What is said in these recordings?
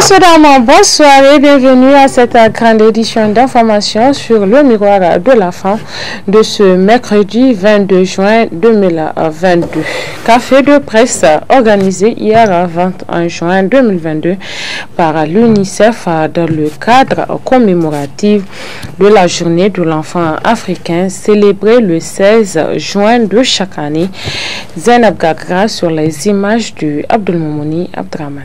bonsoir et bienvenue à cette grande édition d'information sur le miroir de la fin de ce mercredi 22 juin 2022. Café de presse organisé hier 21 juin 2022 par l'UNICEF dans le cadre commémoratif de la journée de l'enfant africain célébrée le 16 juin de chaque année. Zainab Gagra sur les images du Abdelmoumouni Abdraman.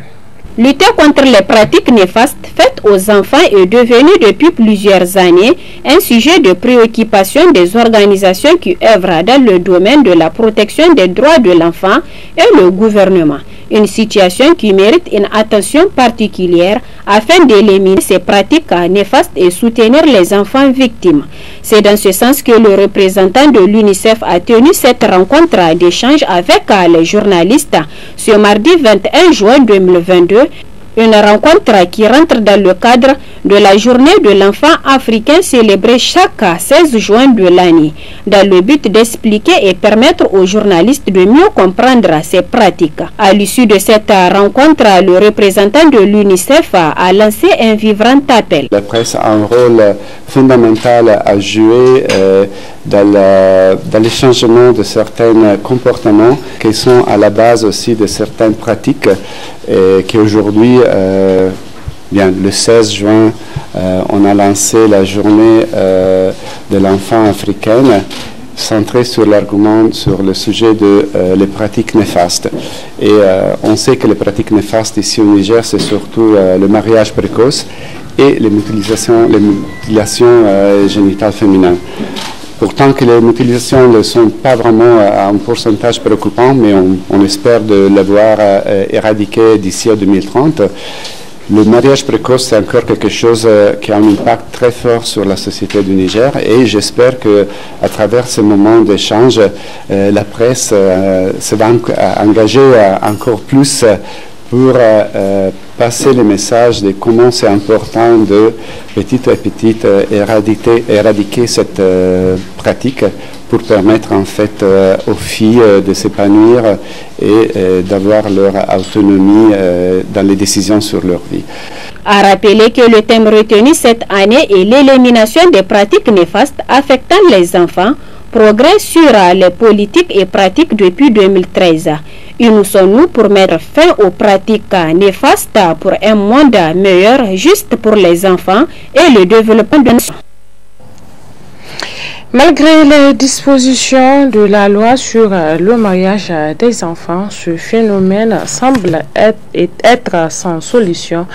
Lutter contre les pratiques néfastes faites aux enfants est devenu depuis plusieurs années un sujet de préoccupation des organisations qui œuvrent dans le domaine de la protection des droits de l'enfant et le gouvernement. Une situation qui mérite une attention particulière afin d'éliminer ces pratiques néfastes et soutenir les enfants victimes. C'est dans ce sens que le représentant de l'UNICEF a tenu cette rencontre d'échange avec les journalistes ce mardi 21 juin 2022 une rencontre qui rentre dans le cadre de la journée de l'enfant africain célébrée chaque 16 juin de l'année, dans le but d'expliquer et permettre aux journalistes de mieux comprendre ces pratiques. À l'issue de cette rencontre, le représentant de l'UNICEF a lancé un vibrant appel. La presse a un rôle fondamental à jouer euh, dans le changement de certains comportements qui sont à la base aussi de certaines pratiques euh, qui aujourd'hui euh, bien, le 16 juin, euh, on a lancé la journée euh, de l'enfant africaine centrée sur l'argument sur le sujet de euh, les pratiques néfastes. Et on sait que les pratiques néfastes ici au Niger, c'est surtout le mariage précoce et les mutilations, les mutilations génitales féminines. Pourtant que les mutilations ne sont pas vraiment euh, à un pourcentage préoccupant, mais on, espère de l'avoir euh, éradiqué d'ici à 2030. Le mariage précoce, c'est encore quelque chose euh, qui a un impact très fort sur la société du Niger et j'espère que à travers ce moment d'échange, la presse se va engager encore plus pour euh, euh, passer le message de comment c'est important de petit à petit euh, éradiquer, cette pratique pour permettre en fait aux filles de s'épanouir et d'avoir leur autonomie dans les décisions sur leur vie. À rappeler que le thème retenu cette année est l'élimination des pratiques néfastes affectant les enfants, progrès sur les politiques et pratiques depuis 2013. Il nous sommes nous pour mettre fin aux pratiques néfastes pour un monde meilleur juste pour les enfants et le développement de nos Malgré les dispositions de la loi sur le mariage des enfants, ce phénomène semble être, être, sans solution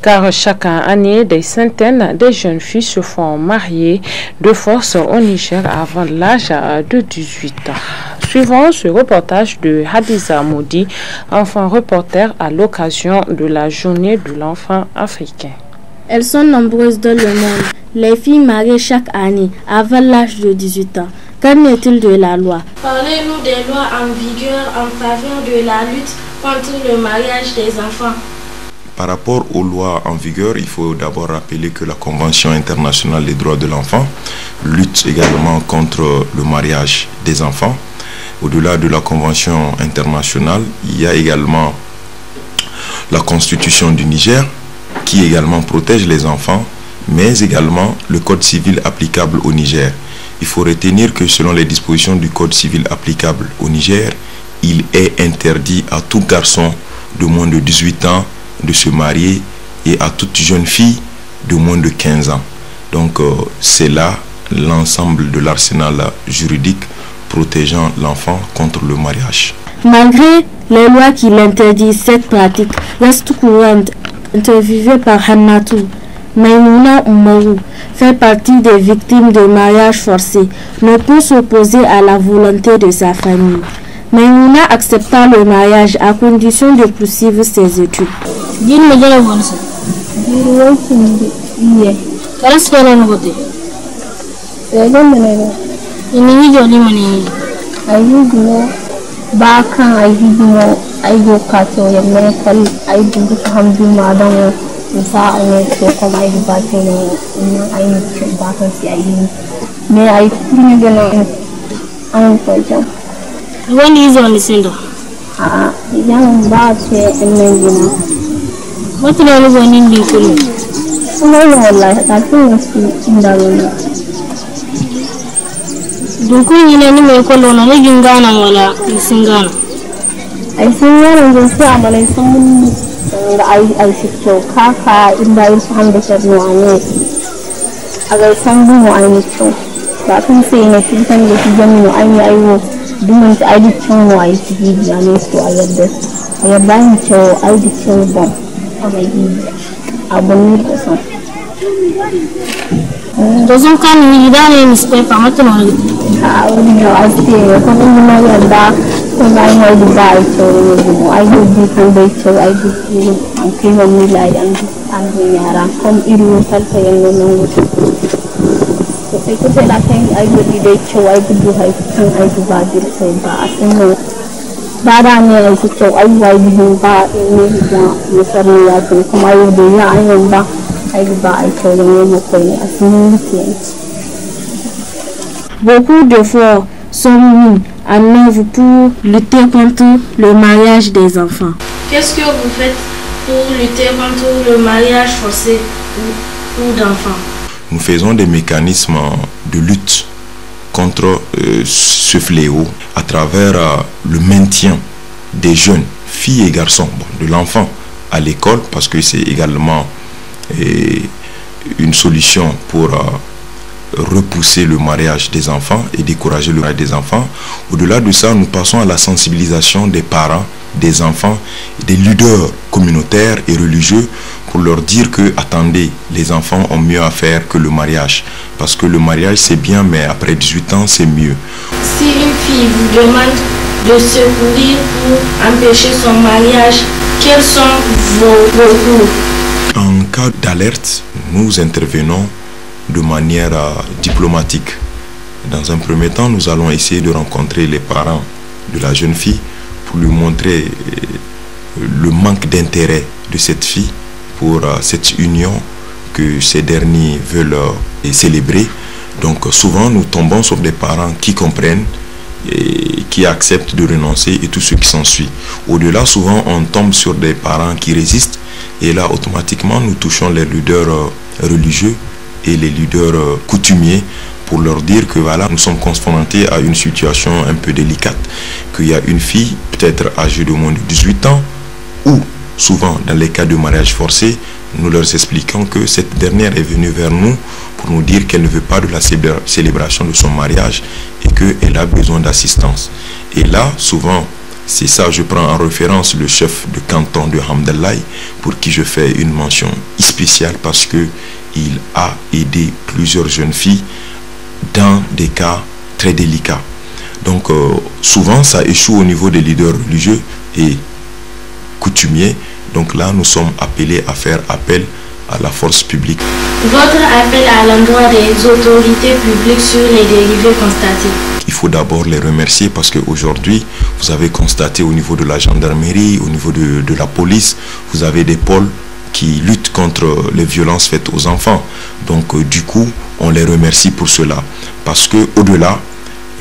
car chaque année, des centaines de jeunes filles se font marier de force au Niger avant l'âge de 18 ans. Suivons ce reportage de Hadiza Moudi, enfant reporter à l'occasion de la journée de l'enfant africain. Elles sont nombreuses dans le monde. Les filles marient chaque année avant l'âge de 18 ans. Qu'en est-il de la loi Parlez-nous des lois en vigueur en faveur de la lutte contre le mariage des enfants. Par rapport aux lois en vigueur, il faut d'abord rappeler que la Convention internationale des droits de l'enfant lutte également contre le mariage des enfants au-delà de la Convention internationale, il y a également la Constitution du Niger qui également protège les enfants, mais également le Code civil applicable au Niger. Il faut retenir que selon les dispositions du Code civil applicable au Niger, il est interdit à tout garçon de moins de 18 ans de se marier et à toute jeune fille de moins de 15 ans. Donc euh, c'est là l'ensemble de l'arsenal juridique protégeant l'enfant contre le mariage. Malgré les lois qui l'interdisent, cette pratique reste courante. Interviewée par Hamatou, Maïmouna Oumarou fait partie des victimes de mariage forcé, ne peut s'opposer à la volonté de sa famille. Maïmouna accepta le mariage à condition de poursuivre ses études. Inijolimo ni ayugumo bakan ayugumo aygo kato ya mekal ayugumo hamdu madamo misa ayne to koma aygo bakan ina ayne to bakan si ayugumo me ay kuni gana an ko jam wani izo ni sindo a yan ba ce ina gina wata da wani zonin ne kullum kuma wallahi ta kuma su inda wani dunkun yi ne ni mai kwallo na nijin gana wala sun gana ai sun gana jin su a malai sun mun da ai ai shi kyau kaka in bayan su ne a gaisan gumu ai ne kyau ba kan sai ne sun san da shi jami'u ai ne ai dumin ta ai kyau wa ai su bibiya ne su a yadda a yadda ni kyau ai kyau ban a mai bibiya abu da son Dozon kan hidane mispe pamatno ali. Au ni aste, kono ni mai anda, kono ai mai dubai to, ai do di to dai to, ai do ki ki ho ni lai an, an ni ara kom iru sal sa yang no no. Ko sai ko sai la sai ai do di dai to, ai do hai to, ai do ba di sai ba asen no. Bara ni ai so to, ai wai di ba ni ni ya, ni sar ni ya to, kom ai do ya ai an ba. Beaucoup de fois, sont mis en œuvre pour lutter contre le mariage des enfants. Qu'est-ce que vous faites pour lutter contre le mariage forcé ou, d'enfants Nous faisons des mécanismes de lutte contre euh, ce fléau à travers euh, le maintien des jeunes, filles et garçons, de l'enfant à l'école, parce que c'est également une solution pour euh, repousser le mariage des enfants et décourager le mariage des enfants. Au-delà de ça, nous passons à la sensibilisation des parents, des enfants, des leaders communautaires et religieux pour leur dire que, attendez, les enfants ont mieux à faire que le mariage. Parce que le mariage, c'est bien, mais après 18 ans, c'est mieux. Si une fille vous demande de se secourir pour empêcher son mariage, quels sont vos recours en cas d'alerte, nous intervenons de manière euh, diplomatique. Dans un premier temps, nous allons essayer de rencontrer les parents de la jeune fille pour lui montrer euh, le manque d'intérêt de cette fille pour euh, cette union que ces derniers veulent célébrer. Donc souvent, nous tombons sur des parents qui comprennent et qui acceptent de renoncer et tout ce qui s'ensuit. Au-delà, souvent, on tombe sur des parents qui résistent et là, automatiquement, nous touchons les leaders euh, religieux et les leaders euh, coutumiers pour leur dire que voilà, nous sommes confrontés à une situation un peu délicate, qu'il y a une fille, peut-être âgée de moins de 18 ans, ou souvent dans les cas de mariage forcé, nous leur expliquons que cette dernière est venue vers nous pour nous dire qu'elle ne veut pas de la célébration de son mariage et qu'elle a besoin d'assistance. Et là, souvent, c'est ça, je prends en référence le chef de canton de Hamdallah pour qui je fais une mention spéciale parce qu'il a aidé plusieurs jeunes filles dans des cas très délicats. Donc euh, souvent ça échoue au niveau des leaders religieux et coutumiers. Donc là nous sommes appelés à faire appel à la force publique. Votre appel à l'endroit des autorités publiques sur les dérivés constatés. Il faut d'abord les remercier parce qu'aujourd'hui, vous avez constaté au niveau de la gendarmerie, au niveau de, la police, vous avez des pôles qui luttent contre les violences faites aux enfants. Donc euh, du coup, on les remercie pour cela. Parce que au delà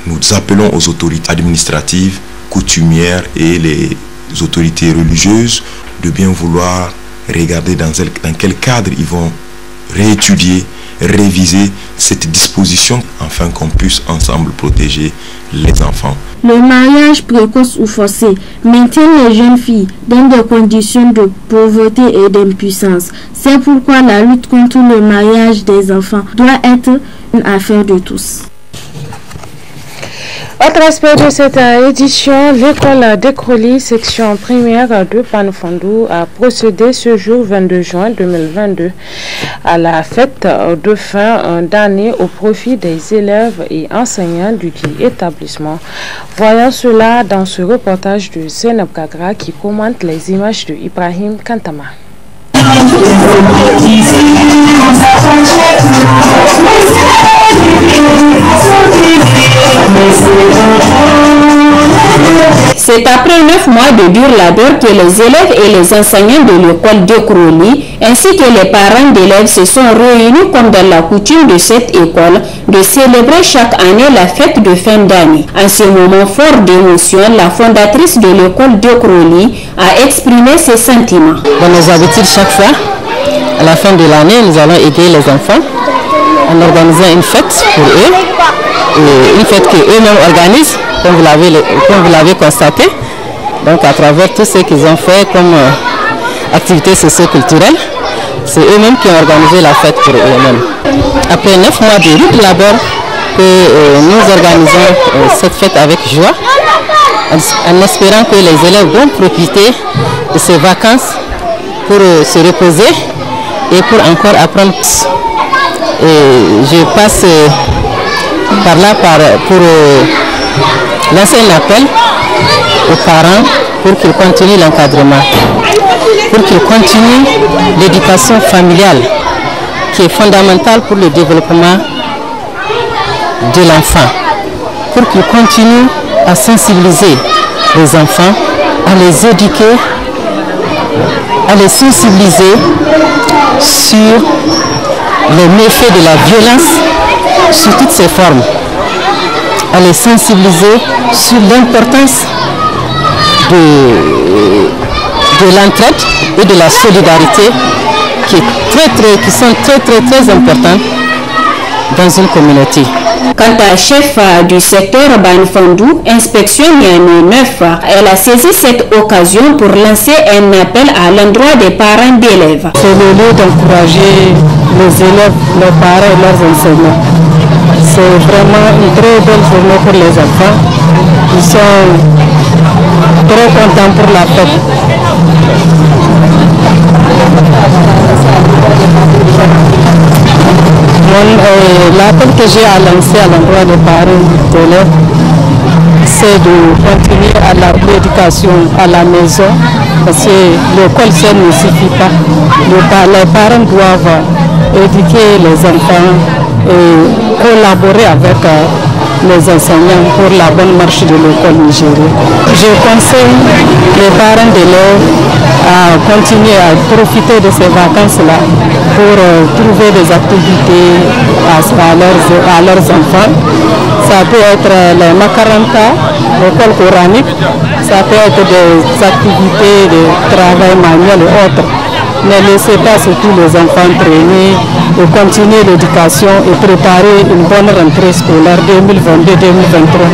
nous appelons aux autorités administratives, coutumières et les autorités religieuses de bien vouloir Regardez dans, dans quel cadre ils vont réétudier, réviser cette disposition afin qu'on puisse ensemble protéger les enfants. Le mariage précoce ou forcé maintient les jeunes filles dans des conditions de pauvreté et d'impuissance. C'est pourquoi la lutte contre le mariage des enfants doit être une affaire de tous. Autre aspect de cette euh, édition, l'école d'Écroly, section primaire de Panfandou, a procédé ce jour 22 juin 2022 à la fête de fin d'année au profit des élèves et enseignants du dit établissement. Voyons cela dans ce reportage de Senab Kagra qui commente les images de Ibrahim Kantama. C'est après neuf mois de dur labeur que les élèves et les enseignants de l'école de ainsi que les parents d'élèves se sont réunis comme dans la coutume de cette école de célébrer chaque année la fête de fin d'année. En ce moment fort d'émotion, la fondatrice de l'école de a exprimé ses sentiments. Dans nos habitudes chaque fois, à la fin de l'année, nous allons aider les enfants en organisant une fête pour eux, une fête qu'eux-mêmes organisent comme vous l'avez constaté, donc à travers tout ce qu'ils ont fait comme euh, activité socio-culturelle, c'est eux-mêmes qui ont organisé la fête pour eux-mêmes. Après neuf mois de lutte labeur, que euh, nous organisons euh, cette fête avec joie, en, espérant que les élèves vont profiter de ces vacances pour se reposer et pour encore apprendre. Et je passe par là par, pour lancer un appel aux parents pour qu'ils continuent l'encadrement, pour qu'ils continuent l'éducation familiale qui est fondamentale pour le développement de l'enfant, pour qu'ils continuent à sensibiliser les enfants, à les éduquer, à les sensibiliser sur les méfaits de la violence sous toutes ses formes à les sensibiliser sur l'importance de, l'entraide et de la solidarité qui, sont très très très importantes dans une communauté. Quant à chef euh, du secteur Banfandou, Inspection elle a saisi cette occasion pour lancer un appel à l'endroit des parents d'élèves. C'est le lieu d'encourager les élèves, leurs parents et leurs enseignants c'est vraiment une très belle journée pour les enfants. Ils sont très contents pour la fête. Euh, L'appel que j'ai à lancer à l'endroit des parents d'élèves, c'est de continuer à l'éducation à la maison, parce que l'école, ça ne suffit pas. les parents doivent éduquer les enfants et collaborer avec euh, les enseignants pour la bonne marche de l'école nigérienne. Je conseille les parents de d'élèves à continuer à profiter de ces vacances-là pour euh, trouver des activités à, leurs, à, leurs, enfants. Ça peut être euh, les macaranta, l'école coranique, ça peut être des activités de travail manuel et autres. Ne laissez pas surtout les enfants traîner et continuer l'éducation et préparer une bonne rentrée scolaire 2022-2023.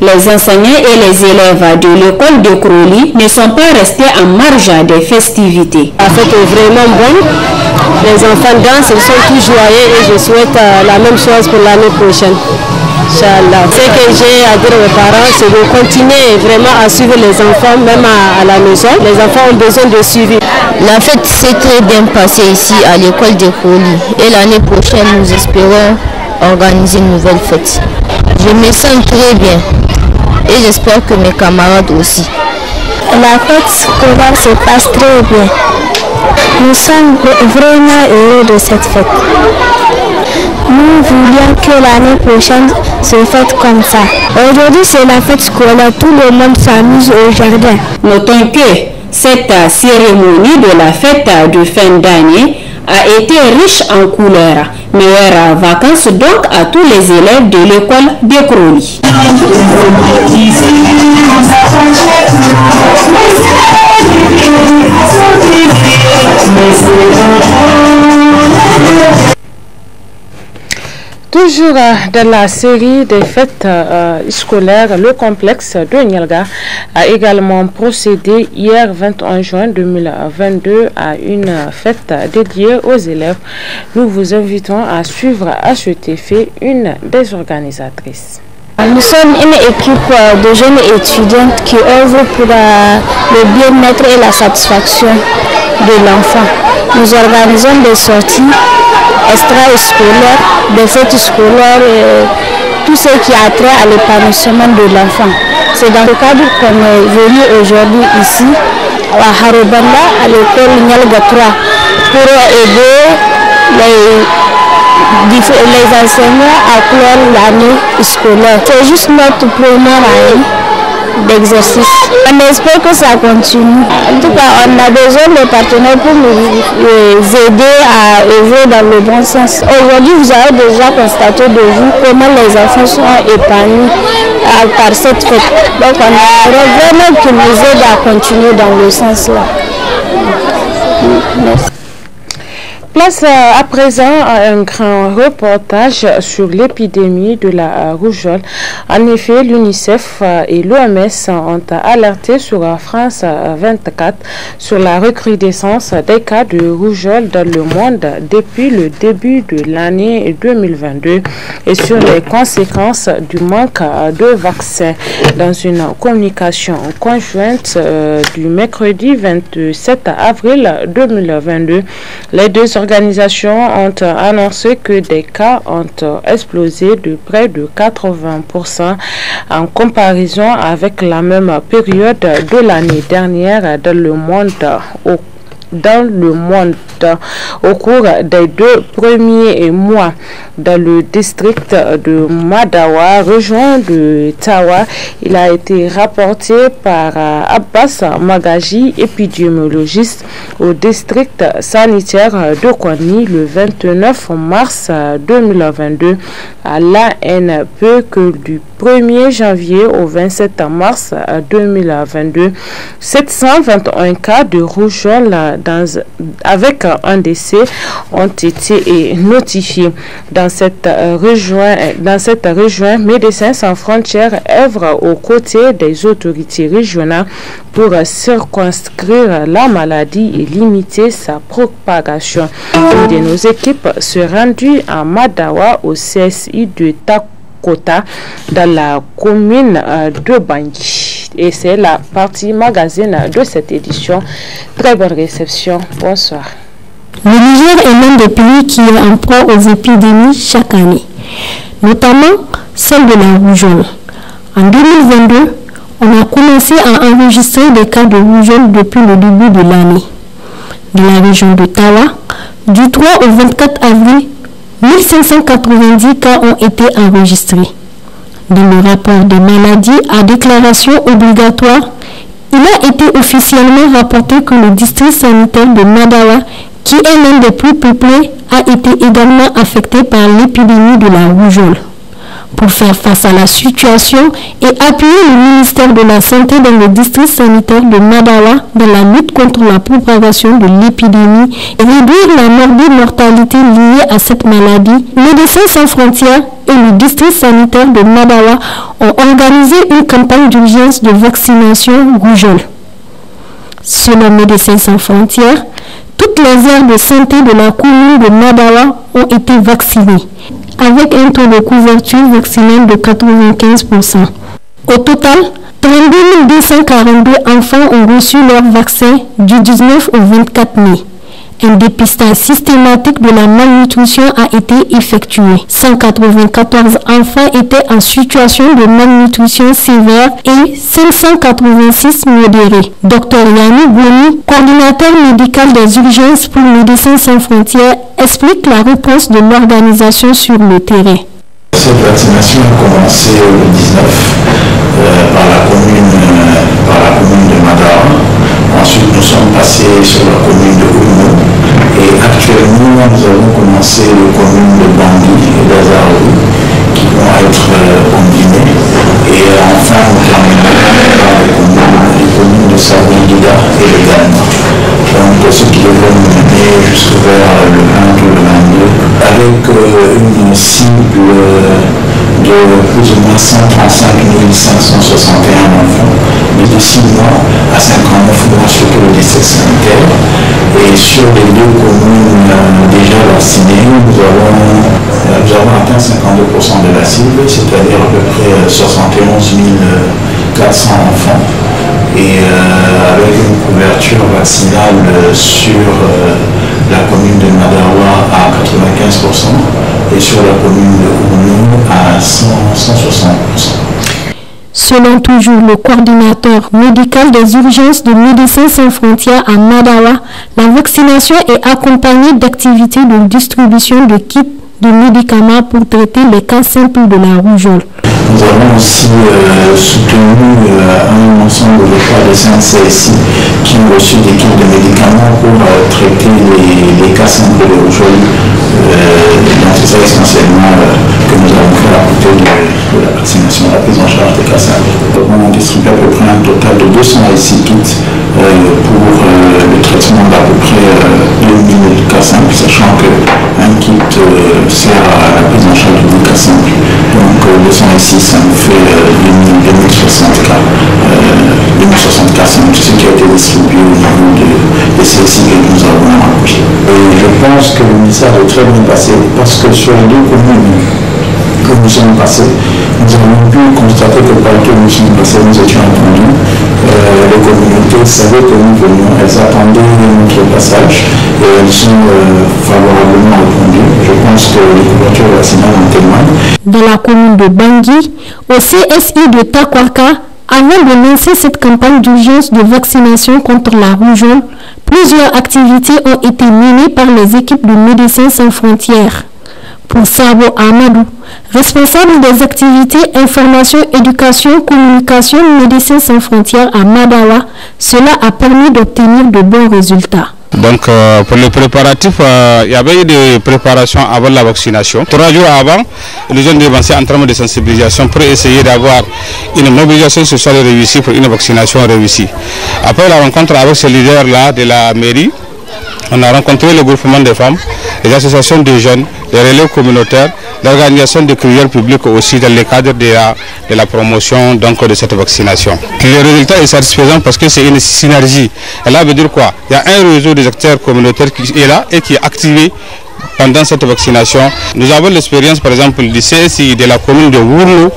Les enseignants et les élèves de l'école de Crowley ne sont pas restés en marge des festivités. La fête est vraiment bon. Les enfants dansent, ils sont tous joyeux et je souhaite euh, la même chose pour l'année prochaine. Ce que j'ai à dire aux parents, c'est de continuer vraiment à suivre les enfants, même à, la maison. Les enfants ont besoin de suivre. La fête s'est très bien passée ici à l'école des colis. Et l'année prochaine, nous espérons organiser une nouvelle fête. Je me sens très bien et j'espère que mes camarades aussi. La fête scolaire se passe très bien. Nous sommes vraiment heureux de cette fête. Nous voulions que l'année prochaine se fête comme ça. Aujourd'hui, c'est la fête scolaire. Tout le monde s'amuse au jardin. Notons que cette euh, cérémonie de la fête euh, de fin d'année a été riche en couleurs. Meilleures vacances donc à tous les élèves de l'école de Toujours euh, dans la série des fêtes euh, scolaires, le complexe de Nielga a également procédé hier 21 juin 2022 à une fête dédiée aux élèves. Nous vous invitons à suivre à cet effet une des organisatrices. Nous sommes une équipe euh, de jeunes étudiantes qui œuvrent pour le bien-être et la satisfaction de l'enfant. Nous organisons des sorties extra-scolaires, des fêtes scolaires, et tout ce qui a trait à l'épanouissement de l'enfant. C'est dans le cadre qu'on est venu aujourd'hui ici à Harobanda, à l'école Nyalga 3, pour aider les, les enseignants à clore l'année scolaire. C'est juste notre première année d'exercice. On espère que ça continue. En tout cas, on a besoin de partenaires pour nous euh, aider à œuvrer dans le bon sens. Aujourd'hui, vous avez déjà constaté de vous comment les enfants sont épanouis euh, par cette fête. Donc, on a vraiment qu'ils nous aident à continuer dans le sens là. Merci. Place euh, à présent un grand reportage sur l'épidémie de la euh, rougeole. En effet, l'UNICEF euh, et l'OMS ont alerté sur France 24 sur la recrudescence des cas de rougeole dans le monde depuis le début de l'année 2022 et sur les conséquences du manque de vaccins. Dans une communication conjointe du mercredi 27 avril 2022, les deux organisations ont annoncé que des cas ont explosé de près de 80% en comparaison avec la même période de l'année dernière dans le monde au dans le monde. Au cours des deux premiers mois, dans le district de Madawa, rejoint de Tawa, il a été rapporté par euh, Abbas Magaji, épidémiologiste au district sanitaire de Kwani le 29 mars 2022 à peu que du 1er janvier au 27 mars 2022, 721 cas de rougeole avec un décès ont été euh, notifiés. Dans cette euh, rejoint, euh, dans cette Médecins sans frontières œuvre aux côtés des autorités régionales pour circonscrire la maladie et limiter sa propagation. Une de nos équipes se rendit à Madawa au CSI de Takota dans la commune de Bangui et c'est la partie magazine de cette édition. Très bonne réception. Bonsoir. Le Niger est l'un des pays qui est en proie aux épidémies chaque année, notamment celle de la rougeole. En 2022, on a commencé à enregistrer des cas de rougeole depuis le début de l'année. De la région de Tawa, du 3 au 24 avril, 1590 cas ont été enregistrés dans le rapport de maladie à déclaration obligatoire, il a été officiellement rapporté que le district sanitaire de Madawa, qui est l'un des plus peuplés, a été également affecté par l'épidémie de la rougeole pour faire face à la situation et appuyer le ministère de la Santé dans le district sanitaire de Madawa dans la lutte contre la propagation de l'épidémie et réduire la morbide mortalité liée à cette maladie, Médecins sans frontières et le district sanitaire de Madawa ont organisé une campagne d'urgence de vaccination rougeole. Selon Médecins sans frontières, toutes les aires de santé de la commune de Madawa ont été vaccinées avec un taux de couverture vaccinale de 95%. Au total, 32 242 enfants ont reçu leur vaccin du 19 au 24 mai un dépistage systématique de la malnutrition a été effectué. 194 enfants étaient en situation de malnutrition sévère et 586 modérés. Dr Yanni Gouni, coordinateur médical des urgences pour le Médecins sans frontières, explique la réponse de l'organisation sur le terrain. Cette vaccination a commencé le 19 euh, euh, par, la commune, de Madame. Ensuite, nous sommes passés sur la commune nous, avons commencé les communes de Bangui et d'Azaru qui vont être euh, combinées. Et euh, enfin, on par les communes de Sardinida et de Ghana. Donc, ce qui devrait nous mener jusqu'à vers le 20 ou le 22, avec euh, une cible de plus ou moins 135 561 enfants mais de 6 mois à 59 mois, surtout le décès sanitaire. Et sur les deux communes euh, déjà vaccinées, nous avons, euh, atteint 52% de la cible, c'est-à-dire à peu près 71 euh, 400 enfants. Et avec une couverture vaccinale sur la commune de Madawa à 95% et sur la commune de Oumou à 160%. Selon toujours le coordinateur médical des urgences de Médecins sans frontières à Madawa, la vaccination est accompagnée d'activités de distribution de kits de médicaments pour traiter les cas simples de la rougeole. Nous avons aussi euh, soutenu euh, un ensemble de cas de CSI qui ont reçu des kits de médicaments pour euh, traiter les, les cas symptômes donc c'est ça essentiellement que nous avons fait à côté de, la vaccination, la prise en charge des cas Nous On distribué à peu près un total de 200 IC kits pour le traitement d'à peu près 2000 Ici, ça nous fait 2060 cas. 2060 cas, c'est ce qui a été distribué au niveau de, celle-ci que nous avons approché. Et je pense que le ministère est très bien passé parce que sur les deux communes que nous sommes passés, nous avons pu constater que partout que nous sommes passés, nous étions entendus. Euh, les communautés savaient que nous venions, elles attendaient notre passage et elles sont euh, favorablement répondues de la commune de Bangui, au CSI de Takwaka, avant de lancer cette campagne d'urgence de vaccination contre la rougeole, plusieurs activités ont été menées par les équipes de Médecins sans frontières. Pour Savo Amadou, responsable des activités information, éducation, communication, Médecins sans frontières à Madawa, cela a permis d'obtenir de bons résultats. Donc euh, pour les préparatifs, euh, il y avait eu des préparations avant la vaccination. Trois jours avant, les jeunes devaient en train de sensibilisation pour essayer d'avoir une mobilisation sociale réussie pour une vaccination réussie. Après la rencontre avec ce leader-là de la mairie, on a rencontré le groupement des femmes, les associations de jeunes, les relais communautaires, l'organisation de prières publics aussi dans le cadre de la, de la promotion donc, de cette vaccination. Le résultat est satisfaisant parce que c'est une synergie. Elle veut dire quoi Il y a un réseau des acteurs communautaires qui est là et qui est activé pendant cette vaccination. Nous avons l'expérience par exemple du CSI de la commune de Wournou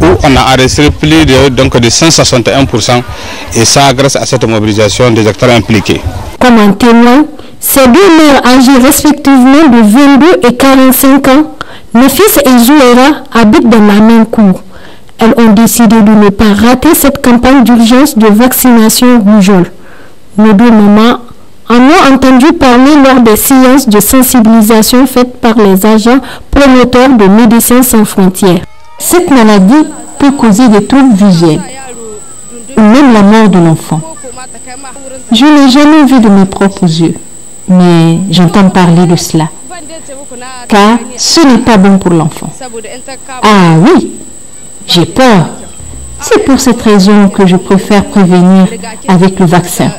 où on a arrêté plus de, donc, de 161% et ça grâce à cette mobilisation des acteurs impliqués. Comme un témoin, ces deux mères âgées respectivement de 22 et 45 ans, le fils et Jouera habitent dans la même cour. Elles ont décidé de ne pas rater cette campagne d'urgence de vaccination rougeole. Nos deux mamans en ont entendu parler lors des séances de sensibilisation faites par les agents promoteurs de Médecins sans frontières. Cette maladie peut causer des troubles visuels ou même la mort de l'enfant. Je n'ai jamais vu de mes propres yeux, mais j'entends parler de cela, car ce n'est pas bon pour l'enfant. Ah oui, j'ai peur. C'est pour cette raison que je préfère prévenir avec le vaccin.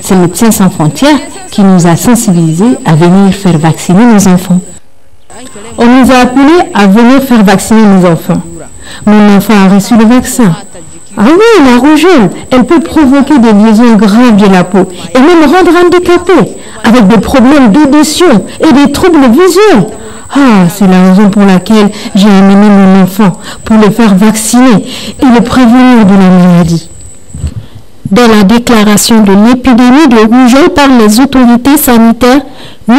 C'est Médecins sans frontières qui nous a sensibilisés à venir faire vacciner nos enfants. On nous a appelés à venir faire vacciner nos enfants. Mon enfant a reçu le vaccin. Ah oui, la rougeole, elle peut provoquer des lésions graves de la peau et même rendre handicapé, avec des problèmes d'audition et des troubles visuels. Ah, c'est la raison pour laquelle j'ai amené mon enfant pour le faire vacciner et le prévenir de la maladie. Dans la déclaration de l'épidémie de rougeole par les autorités sanitaires, nous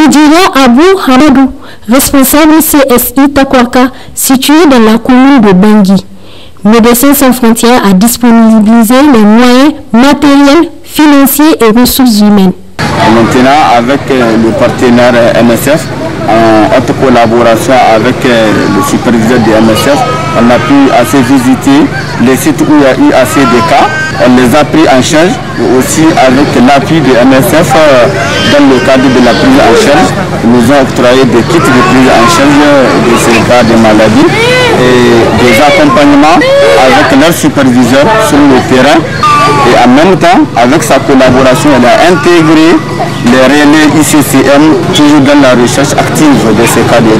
à Abou Hamadou, responsable CSI Takwaka, situé dans la commune de Bangui. Médecins sans frontières a disponibilisé les moyens matériels, financiers et ressources humaines. Maintenant, avec euh, le partenaire euh, MSF, en haute collaboration avec euh, le superviseur du MSF, on a pu assez visiter les sites où il y a eu assez de cas. On les a pris en charge aussi avec l'appui de MSF euh, dans le cadre de la prise en charge. Ils nous ont octroyé des kits de prise en charge euh, de ces cas de maladie et des accompagnements avec leur superviseur sur le terrain et en même temps, avec sa collaboration, elle a intégré les relais ICCM toujours dans la recherche active de ces cas de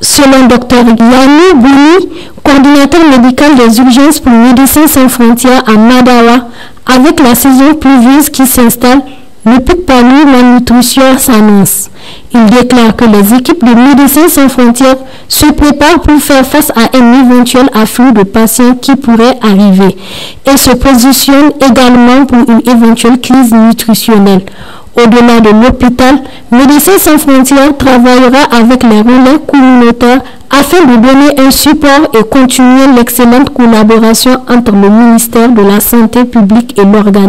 Selon Selon Dr Yanni Bouni, coordinateur médical des urgences pour Médecins sans frontières à Madawa, avec la saison pluvieuse qui s'installe, le parmi la nutrition s'annonce. Il déclare que les équipes de Médecins sans frontières se préparent pour faire face à un éventuel afflux de patients qui pourraient arriver et se positionnent également pour une éventuelle crise nutritionnelle. Au-delà de l'hôpital, Médecins sans frontières travaillera avec les relais communautaires afin de donner un support et continuer l'excellente collaboration entre le ministère de la Santé publique et l'organisme.